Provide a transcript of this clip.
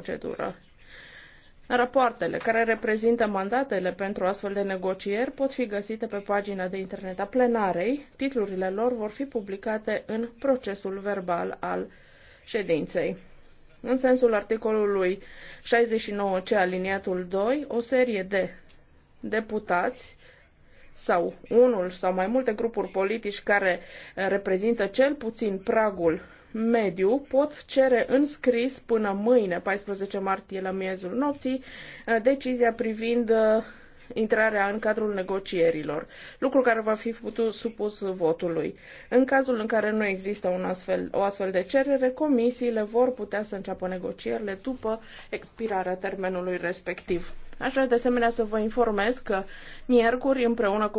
procedură. Rapoartele care reprezintă mandatele pentru astfel de negocieri pot fi găsite pe pagina de internet a plenarei. Titlurile lor vor fi publicate în procesul verbal al ședinței. În sensul articolului 69C aliniatul 2, o serie de deputați sau unul sau mai multe grupuri politici care reprezintă cel puțin pragul mediu pot cere în scris până mâine, 14 martie, la miezul nopții, uh, decizia privind uh, intrarea în cadrul negocierilor, lucru care va fi putut supus votului. În cazul în care nu există un astfel, o astfel de cerere, comisiile vor putea să înceapă negocierile după expirarea termenului respectiv. Aș vrea de asemenea să vă informez că miercuri, împreună cu